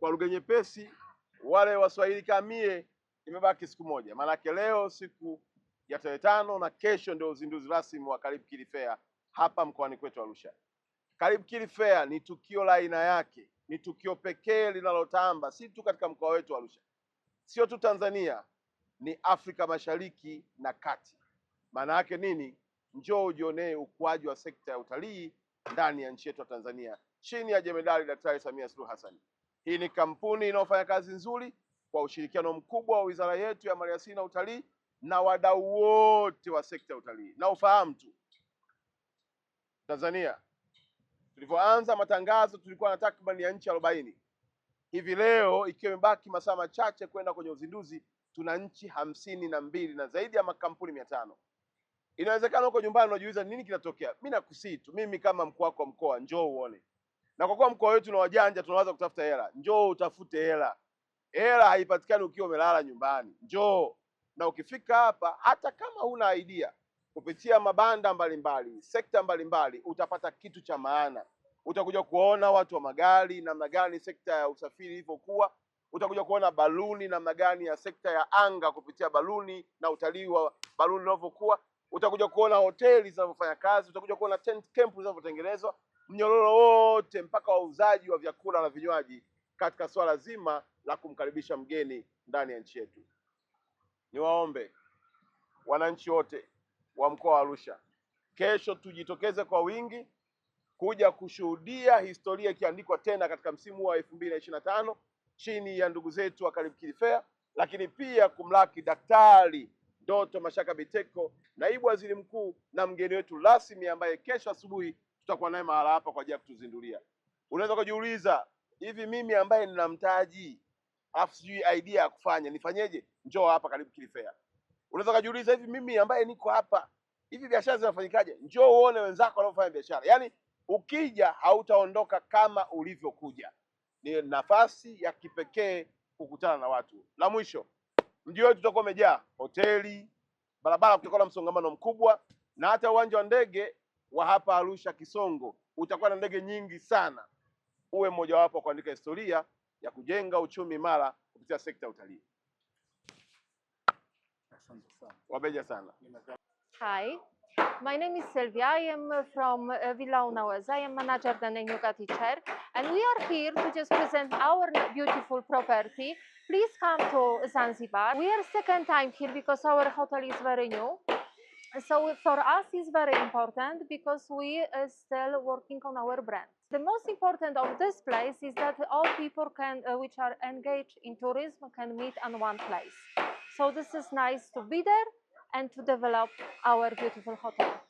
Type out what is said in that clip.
Kwa lugha nyepesi, wale waswahili kamie, imebaki siku moja, maanake leo siku ya tarehe tano na kesho ndio uzinduzi rasmi wa Karibu Kili Fair hapa mkoani kwetu Arusha. Karibu Kili Fair ni tukio la aina yake, ni tukio pekee linalotamba si tu katika mkoa wetu Arusha, sio tu Tanzania, ni Afrika Mashariki na Kati. Maana yake nini? Njoo ujionee ukuaji wa sekta ya utalii ndani ya nchi yetu ya Tanzania chini ya jemedali Daktari Samia Suluhu Hassan. Hii ni kampuni inayofanya kazi nzuri kwa ushirikiano mkubwa wa wizara yetu ya maliasili na utalii na wadau wote wa sekta ya utalii. Na ufahamu tu Tanzania, tulivyoanza matangazo tulikuwa na takribani ya nchi arobaini hivi leo ikiwa imebaki masaa machache kwenda kwenye uzinduzi, tuna nchi hamsini na mbili na zaidi ya makampuni mia tano. Inawezekana huko nyumbani unajiuliza nini kinatokea. Mi nakusii tu, mimi kama mkuu wako mkoa, njoo uone na kwa kuwa mkoa wetu na wajanja, tunawaza kutafuta hela. Njoo utafute hela. Hela haipatikani ukiwa umelala nyumbani. Njoo na ukifika hapa, hata kama huna idea, kupitia mabanda mbalimbali mbali, sekta mbalimbali mbali, utapata kitu cha maana. Utakuja kuona watu wa magari namna gani sekta ya usafiri ilivyokuwa. Utakuja kuona baluni namna gani ya sekta ya anga kupitia baluni na utalii wa baluni unavyokuwa. Utakuja kuona hoteli zinavyofanya kazi. Utakuja kuona tent camp zinavyotengenezwa mnyororo wote mpaka wauzaji wa vyakula na vinywaji katika swala zima la kumkaribisha mgeni ndani ya nchi yetu. Niwaombe wananchi wote wa mkoa wa Arusha, kesho tujitokeze kwa wingi kuja kushuhudia historia ikiandikwa tena katika msimu wa elfu mbili na ishirini na tano chini ya ndugu zetu wa Karibu Kilifea, lakini pia kumlaki daktari Doto Mashaka Biteko, naibu waziri mkuu na mgeni wetu rasmi ambaye kesho asubuhi tutakuwa naye mahala hapa kwa ajili ya kutuzindulia. Unaweza kujiuliza, hivi mimi ambaye nina mtaji afu sijui idea ya kufanya nifanyeje? Njoo hapa karibu Kilifea. Unaweza kujiuliza, hivi mimi ambaye niko hapa, hivi biashara zinafanyikaje? Njoo uone wenzako wanaofanya biashara. Yaani ukija hautaondoka kama ulivyokuja. Ni nafasi ya kipekee kukutana na watu. La mwisho Mji wetu utakuwa umejaa hoteli, barabara kutakuwa na msongamano mkubwa, na hata uwanja wa ndege wa hapa Arusha Kisongo utakuwa na ndege nyingi sana. Uwe mmojawapo wa kuandika historia ya kujenga uchumi imara kupitia sekta ya utalii. Wabeja sana. Hi. My name is Sylvia. I am uh, from uh, Villa Unaweza. I am manager and a new teacher. And we are here to just present our beautiful property. Please come to Zanzibar. We are second time here because our hotel is very new. So uh, for us it's very important because we are still working on our brand. The most important of this place is that all people can, uh, which are engaged in tourism can meet on one place. So this is nice to be there and to develop our beautiful hotel.